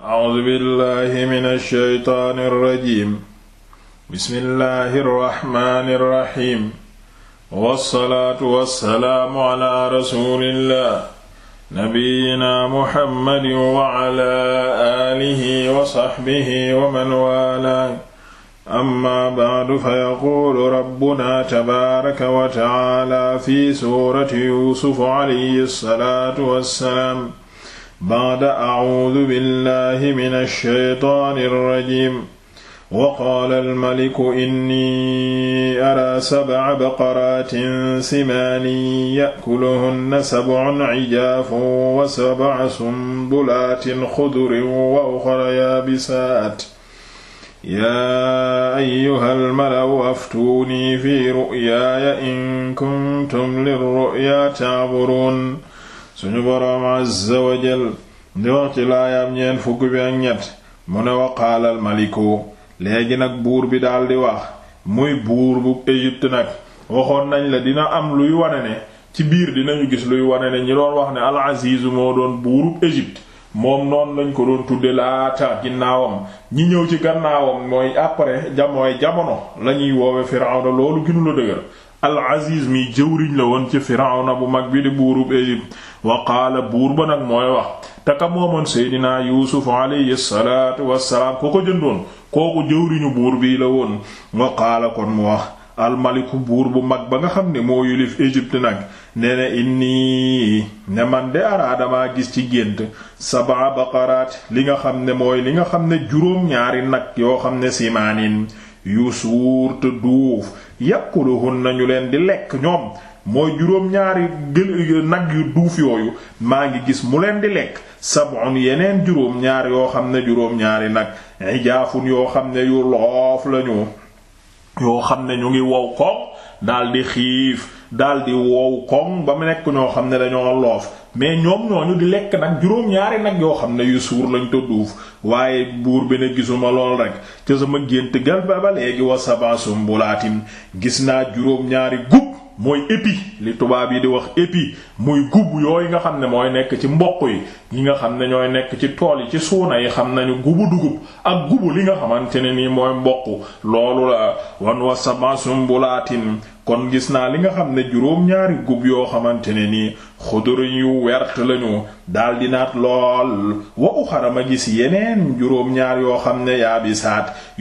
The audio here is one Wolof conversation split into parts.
a'uuzu billaahi mina shaytaani rajiim bismillaahi rahmaani rahiim wassalaatu wassalaamu alaa rasuulillaah nabiyyinaa muhammadin wa alaa aalihi wa sahbihi wa man waalaahu amma ba'du fa yaquulu rabbunaa tabaaraka wa ta'aalaa fi suurati yuusuf alayhi salaatu wassalaam ba'da a'uudu billahi mina shaytaani rajiim wa qaala almaliku inni araa sab'a baqaraatin simaanin ya'kuluhunna sab'un ijaafun wa sab'a sumbulaatin xudurin wa uxra yaabisaat yaa ayyuhal mala'u aftuunii fii ru'yaaya in kuntum lir-ru'yaa ta'buruun suñu boroom azza wa jal wax ci laayaam ñeent fukk bi ak ñett mu ne wa qaalal maliku léegi nag buur bi daldi wax muy buur bu Égypte nag waxoon nañ la dina am luy wane ne ci biir dinañu gis luy wane ne ñi doon wax ne al azizu moo doon buurub Égypte moom noon lañ ko doon tudde laata ginnaawam ñi ñëw ci gannaawam mooy après jamooy jamono lañuy ñuy woowe Firawna loolu ginu la dëgër al aziz mi jëwriñ la woon ci Firawna bu mag bi di buurub Égypte wa buur ba nag mooy wax taka moomoon seydinaa yuusuf alayhi salaatu wassalaam ko ko jëndoon kooku jëwriñu buur bii la woon wa kon mu wax almaliku buur bu mag ba nga xam ne moo yulif Égypte nag nee na inni ne man de araadamaa gis ci gént sabaa baqaraat li nga xam ne mooy li nga xam ne juróom-ñaari nag yoo xam ne simaanin yu suurte duuf yàkkuluhun nañu leen di lekk ñoom mooy juróom-ñaari gël nag yu duuf yooyu maa ngi gis mu leen di lekk sab'un yeneen juróom-ñaar yoo xam ne juróom-ñaari nag ijaafun yoo xam ne yu loof lañu yoo xam ne ñu ngi wow koŋ daldi xiif daldi wow koŋ ba mu nekk ñoo xam ne dañoo loof mais ñoom ñooñu di lekk nag juróom-ñaari nag yoo xam ne yu suur lañ te duuf waaye buur bi ne gisuma lool rek ca sama gént gal ba ba léegi wa sab'a sumbulaatin gis naa juróom-ñaari gub mooy épi li tubaab yi di wax épi muy gub yooyu nga xam ne mooy nekk ci mboq yi ñi nga xam ne ñooy nekk ci tool yi ci suuna yi xam nañu gubu dugub ak gubu li nga xamante ne nii mooy mboq loolu la wan wa sab'a sumbulaatin kon gis naa li nga xam ne juróom ñaari gub yoo xamante ne nii xuduruñ yu wert lañu daldi naat lool wa uxara ma gis yeneen juróom-ñaar yoo xam ne yaa bi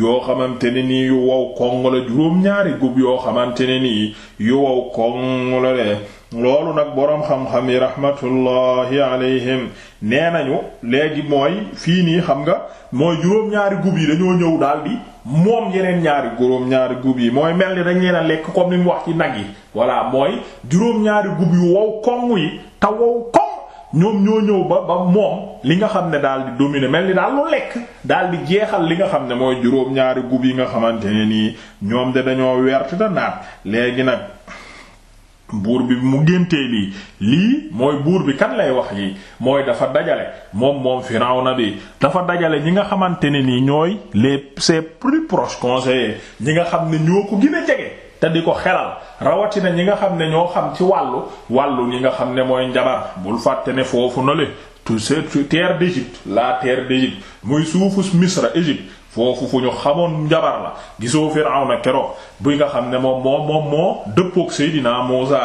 yoo xamante ne nii yu wow koŋ la juróom-ñaari gub yoo xamante ne nii yu wow koŋ la de loolu nag boroom xam-xam yi rahmatullahi alayhim nee nañu léegi mooy fii nii xam nga mooy juróom-ñaari gub yi dañoo ñëw daal di moom yeneen ñaari juróom-ñaari gub yi mooy mel ni dañ leen a lekk comme ni mu wax ci nag yi voilà mooy juróom-ñaari gub yu wow koŋ yi te wow koŋ ñoom ñoo ñëw ba ba moom li nga xam ne daal di dominer mel ni daal lu lekk daal di jeexal li nga xam ne mooy juróom-ñaari gub yi nga xamante ne nii ñoom de dañoo wert te naat léegi nag. buur bi mu géntee lii lii mooy buur bi kan lay wax yi mooy dafa dajale moom moom na bi dafa dajale ñi nga xamante ne nii ñooy les ses plus proches conseillers ñi nga xam ne ñoo ko gën a jege te di ko xelal rawatina ñi nga xam ne ñoo xam ci wàllu wàllu ñi nga xam ne mooy njabar bul fàtte ne foofu nole le tout terre d'Égypte la terre d'Égypte muy suufu Misra Égypte foofu fu ñu xamoon njabar la gisoo Firawna keroog bi nga xam ne moom moom moom moo dëppook Seydina Muusa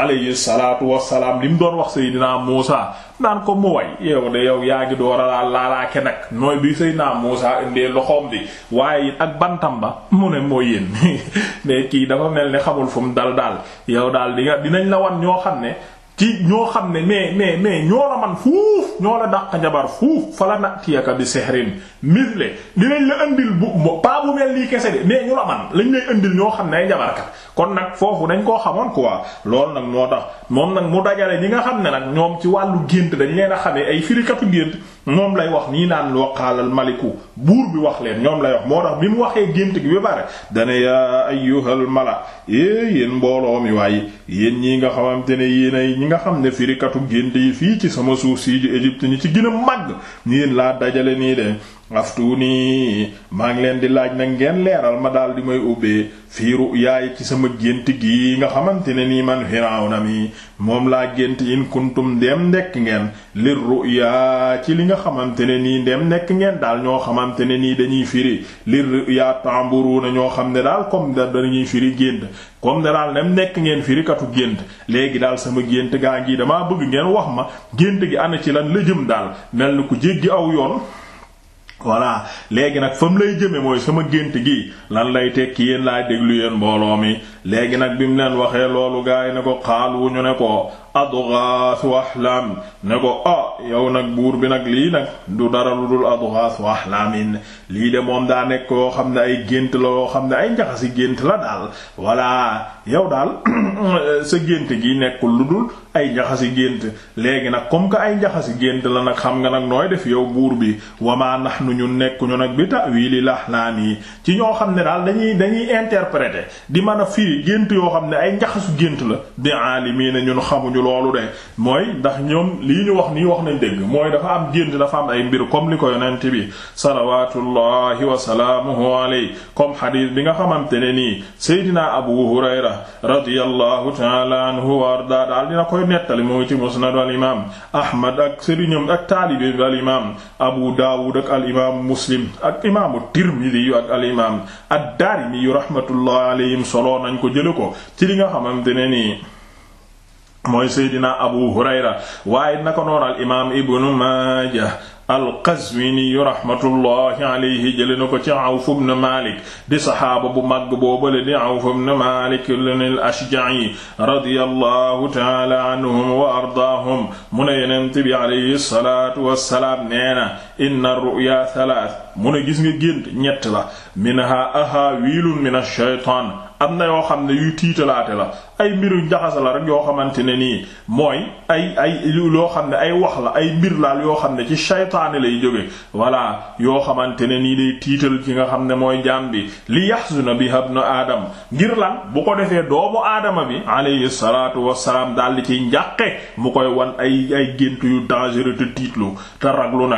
alayhi salaatu wassalaam li mu doon wax Seydina Muusa naan ko mu way yow de yow yaa ngi door a laalaake nag nooy bi Seydina Muusa indee loxoom bi waaye ak bantam ba mu ne moo yéen mais kii dafa mel ne xamul fu mu dal daal yow daal dinañ la wan ñoo xam ne ci ñoo xam ne mais mais mais ñoo la man fuuf ñoo la dàq njabar fuuf fa la natiyaka bi sihrin misle dinañ la indil bu pa bu mel lii kese de mais ñu la man lañ lay indil ñoo xam ne ay njabarkat kon nag foofu dañ koo xamoon ko quoi loolu nag moo tax moom nag mu dajale ñi nga xam ne nag ñoom ci wàllu gént dañ leen a xamee ay firikatu gént ñoom lay wax nii naan waqaalal maliku buur bi wax leen ñoom lay wax moo tax bi mu waxee gént gi ba pare dane yaa ayyuhal mala é yéen mbooloo mi waaye yéen ñi nga xamante ne yéen ay ñi nga xam ne firikatu gént yi fii ci sama suuf sii ji Égypte ñi ci gën a màgg yéen laa dajale nii de aftuuni maa ngi leen di laaj nag ngeen leeral ma daal di may ubbee fii ru'yaay ci sama gént gi nga xamante ne nii man na mi moom laa gént in kuntum dem nekk ngeen lir yaa ci li nga xamante ne nii dem nekk ngeen daal ñoo xamante ne nii dañuy firi lir ru'ya na ñoo xam ne daal comme da dañuy firi gént comme da daal dem nekk ngeen firikatu gént léegi daal sama gént gaa ngi damaa bëgg ngeen wax ma gént gi ana ci lan la jëm daal mel ni ku jéggi aw yoon voilà léegi nag fa mu lay jëme mooy sama gént gi lan lay tekki yéen laa déglu yéen mbooloo mi léegi nag bi mu leen waxee loolu gaa yi ne ko xaalu ñu ne ko adghaasu ahlam ne ko ah yow nag buur bi nag lii nag du dara lu dul adghaasu ahlaamin lii de moom daa nekk yoo xam ne ay gént la yoo xam ne ay njaxasi gént la daal voilà yow daal sa gént gi nekkul lu dul ay njaxasi gént léegi nag comme que ay njaxasi gént la nag xam nga nag nooy def yow buur bi nahnu ñun nekkuñu nag bi ta'wili lahlaam yi ci ñoo xam ne daal dañuy dañuy interpréter di mën a firi gént yoo xam ne ay njaxasu gént la bi aalimiina ñun xamuñu loolu de mooy ndax ñoom lii ñu wax nii wax nañ dégg mooy dafa am gént dafa am ay mbir comme li ko yonent bi salawaatullahi wa salaamuhu alayhi comme xadiis bi nga xamante ne nii seydina abu hurayra radiyallahu ta'ala anhu wa arda daal dina koy nettali mu ngi ci musnad al imam ahmad ak sëriñam ak taalibi al abu daawud ak al imaamu muslim ak imaamu tirmidi yu ak al imaam ad-daarimi yu rahmatullah alayhim soloo nañ ko jële ko ci li nga xamante ne nii mooy seydina abu hurayra waaye naka noon al imaam ibnu maaja al-Qazwini rahmatullahi alayhi jëlee na ko ci Awf ibn Malik di saxaaba bu mag boobale di Awf ibn Malik al-Ashja'i radiyallahu ta'ala anhum wa ardaahum mu ne Yonent bi alayhi salaatu wa salaam nee na inna ru'ya thalath mu ne gis nga gént ñett la minha ahawilun min ash-shaytan am na yoo xam ne yuy tiitalaate la ay mbiru njaxasa la rek yoo xamante ne nii mooy ay ay loo xam ne ay wax la ay mbir laal yoo xam ne ci shaytaane lay jóge voilà yoo xamante ne nii day tiital ki nga xam ne mooy jaam bi li yahzuna biha ibnu aadam ngir lan bu ko defee doomu aadama bi alayhi salaatu wassalaam daal di ciy njàqe mu koy wan ay ay gént yu dangereux te tiitlu te raglu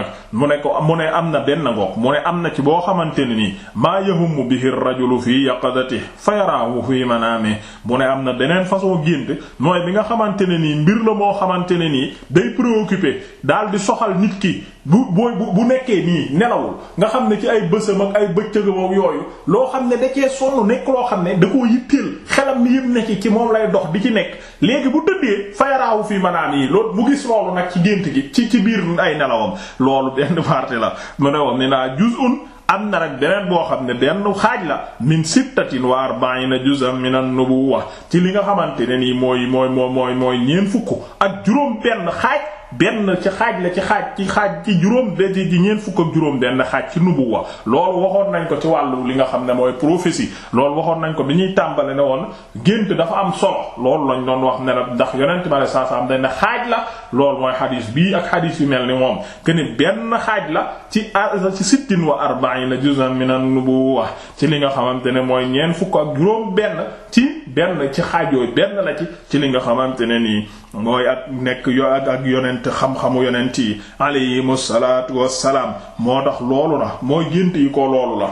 mu ne ko mu ne am na benn ngoog mu ne am na ci boo xamante ne nii maa yahummu bihi rajulu fii yaqadati fa yaraahu fii manaami mu ne am na beneen façon gént mooy bi nga xamante ne nii mbir la moo xamante ne nii day préoccupé daal di soxal nit ki bu booy bu bu nekkee nii nelawul nga xam ne ci ay bësam ak ay bëccëgam ak yooyu loo xam ne da cee nekk loo xam ne da koo yitteel yëpp ne ci ci moom lay dox di ci nekk léegi bu tëddee fayaraawu fii naan yii loolu mu gis loolu nag ci gént gi ci ci biir ay nelawam loolu benn partie la mu ne woon ni naa juz'un am na nag beneen boo xam ne benn xaaj la min sittatin wa arba'ina mi na an-nubuwwa ci li nga xamante ne nii mooy mooy mooy mooy mooy ñeent fukk ak juróom benn xaaj benn ci xaaj la ci xaaj ci xaaj ci juróom benn ji ñeent fukk ak juróom benn xaaj ci wa loolu waxoon nañ ko ci wàllu li nga xam ne mooy prophétie loolu waxoon nañ ko bi ñuy tàmbale ne woon gént dafa am solo loolu lañ doon wax ne la ndax yonent bi saa saa am dañ xaaj la loolu mooy xadiis bii ak xadiis yu mel ni moom que benn xaaj la ci ci sittin wa arba'ina juz'an min an-nubuwa ci li nga xamante ne mooy ñeent fukk ak juróom benn ci benn ci xaaj yooyu benn la ci ci li nga xamante ne nii mooy ak nekk yo ak ak yonent xam-xamu yonent yi alayhimu salaatu wassalaam moo tax loolu la mooy gént yi ko loolu la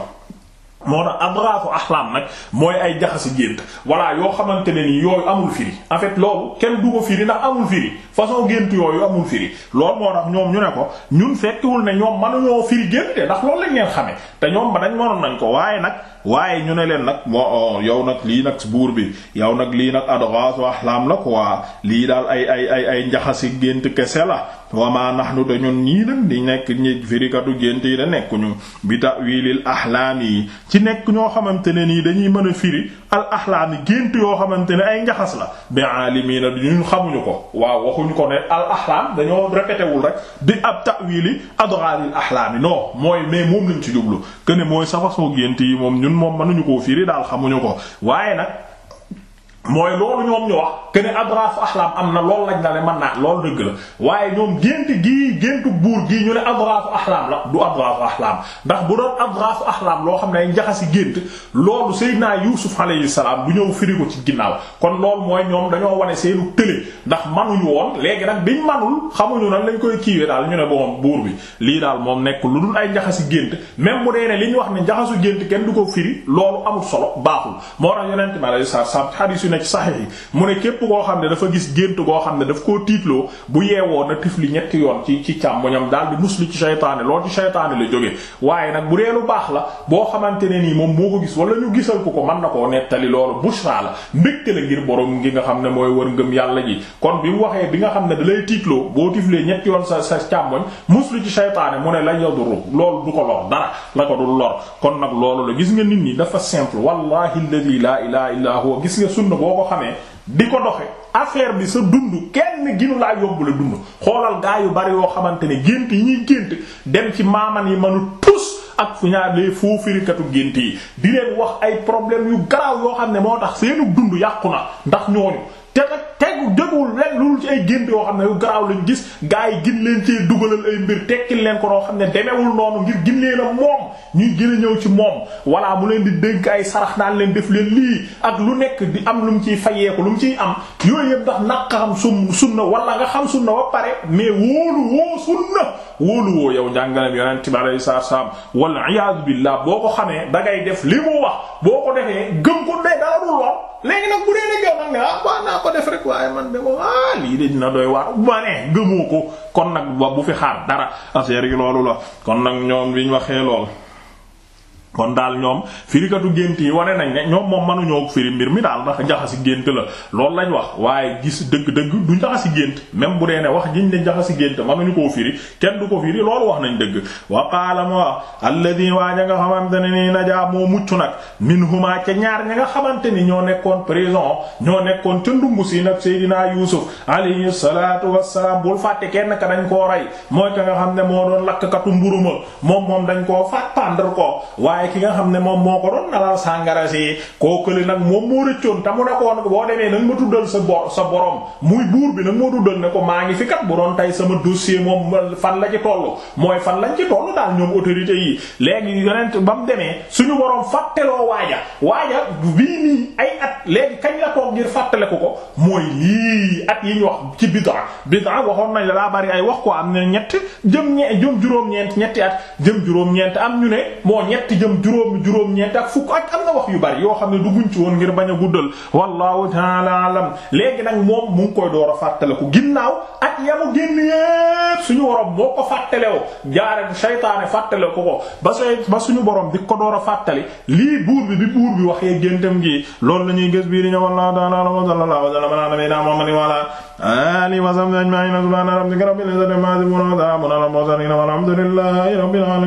moo tax adraafu axlaam nag mooy ay jaxasi gént voilà yoo xamante ne ni yooyu amul firi en fait loolu kenn du ko firi ndax amul firi façon gént yooyu amul firi loolu moo tax ñoom ñu ne ko ñun fekkiwul ne ñoom mënuñoo firi gént ndax loolu lañ leen xamee te ñoom ba dañ mënoon nañ ko waaye nag. waaye ñu ne leen nag moo yow nag lii nag buur bi yow nag lii nag adghaasu ahlaam la ko quoi lii daal ay ay ay ay njaxasi gént kese la wama nahnu te ñun ñii nag di nekk ñi firikatu gént yi da nekkuñu bi ta'wiilil ahlaam yi ci nekk ñoo xamante ne nii dañuy mën a firi al ahlaam gént yoo xamante ne ay njaxas la bi aalimiina ñun xamuñu ko waa waxuñu ko ne al ahlaam dañoo répété wul rek di ab ta'wiili adghaasal ahlaam yi non mooy mais moom lañ ci jublu que ne ñun moom mënuñu ko firi daal xamuñu ko waaye nag mooy loolu ñoom ñu wax que ne adrafu ahlam am na loolu lañ la ne mën naa loolu dëgg la waaye ñoom gént gii géntu buur gii ñu ne adrafu ahlam la du adrafu ahlam ndax bu doon adrafu ahlam loo xam ne ay njaxasi gént loolu Seydina Yuusuf alayhi salaam du ñëw firi ko ci ginnaaw kon loolu mooy ñoom dañoo wane seenu tële ndax manuñu woon léegi nag biñ manul xamuñu nan lañ koy kiiwee daal ñu ne boom buur bi lii daal moom nekk lu dul ay njaxasi gént même bu dee li ñu wax ne njaxasu gént kenn du ko firi loolu amul solo baaxul moo tax yonent na ci saxiix yi ne képp koo xam ne xam ne daf koo tiitloo bu yeewoo na tifli ñetti yoon ci ci càmmoñam daal di muslu ci saytaane lool ci saytaane la jógee bu dee lu la boo xamante ne nii moom moo ko gis wala ñu gisal ko ko mën na koo nettali loolu bushra la mbégte la ngir borom gi nga xam ne mooy wër ngëm yàlla ji kon bi mu waxee bi nga xam ne da lay tiitloo boo tiflee ñetti yoon sa sa càmmoñ muslu ci saytaane mu ne la yaduru loolu du ko lor dara la ko dul lor kon nag loolu la gis nga nit ñi dafa simple wallahi alladhi la ilaha illa gis nga sunna boo ko xamee di ko doxe affaire bi sa dund kenn ginu laa yóbbu la dund xoolal gaa yu bari yoo xamante ne gént yi ñuy gént dem ci maaman yi mënu tus ak fu ñaa firikatu gént yi di leen wax ay problème yu garaaw yoo xam ne moo tax seenu dund yàqu na ndax ñooñu te nag tegu dégluwul lu loolu ci ay gént yoo xam ne lu garaaw lañ gis gars yi gin leen ci cee dugalal ay mbir tekkil leen ko noo xam ne demewul noonu ngir gin leen a moom ñuy gën a ñëw ci moom. walla mu leen di dénk ay sarax naan leen def leen lii ak lu nekk di am lu mu ciy fayeeku lu mu ciy am yooyu yëpp ndax naq xam sun sunna wala nga xam sunna ba pare mais wóolu woo sunna wóolu woo yow njàngaleem yonent bi alayhi salaam wal iyaadu billah boo ko xamee da ngay def li mu wax boo ko defee gëm ko dee ko def rek waaye man de moom ah lii de dina doy waar bu gëmoo ko kon nag bu fi xaar dara affaire yi loolu la kon nag ñoom bi ñu waxee lool. kon daal ñoom firikatu gént yi wane nañ ne ñoom moom mënuñoo firi mbir mi daal ndax jaxasi gént la loolu lañ wax waaye gis dëgg-dëgg du jaxasi gént même bu dee ne wax jiñ ne jaxasi gént mënuñu koo firi kenn du ko firi loolu wax nañ dëgg wa qaala moo alladi waa ña nga xamante ne nii najaa moo mucc nag min huma ca ñaar ña nga xamante ni ñoo nekkoon prison ñoo nekkoon ca ndumbu si nag Seydina Yuusuf alayhi salatu wasalam bul fàtte kenn ka dañ koo rey mooy ka nga xam ne moo doon lakkatu mburuma moom moom dañ koo faat pendre ko waaye waaye ki nga xam ne moom moo ko doon nalal sàngara si koo kële nag moom moo rëccoon te mu ne ko woon boo demee nag ma tuddal sa bor sa borom muy buur bi nag moo tuddal ne ko maa ngi fi kat bu doon tey sama dossier moom fan la ci tollu mooy fan lañ ci tollu daal ñoom autorité yi léegi yonent ba mu demee suñu borom fàtteloo waaja waaja bii nii ay at léegi kañ la toog ngir fàttale ko ko mooy lii at yi ñu wax ci bid'a bid'a waxoon nañ la daa bari ay wax ko am na ñett jëm ñe jëm juróom-ñeent at jëm juróom-ñeent am ñu ne moo ñoom juróomi juróom ñeent ak fukk ak am wax yu bari yoo xam ne dugguñ ci woon ngir bañ a guddal wallahu ta'ala alam léegi nag moom mu ngi koy door a ku ginnaaw at yamu génn yépp suñu worom moo ko fàttalewoo jaare saytaane fàttale ko ko ba sooy ba suñu borom di ko door fàttali lii buur bi bi buur bi waxee géntam gi loolu la ñuy gës bii di ñëw wallahu ta'ala alam wa sallallahu wa sallama ala nabiyyina muhammadin wa ala alihi wa sahbihi ajma'in subhana rabbika rabbil izzati amma yasifun wa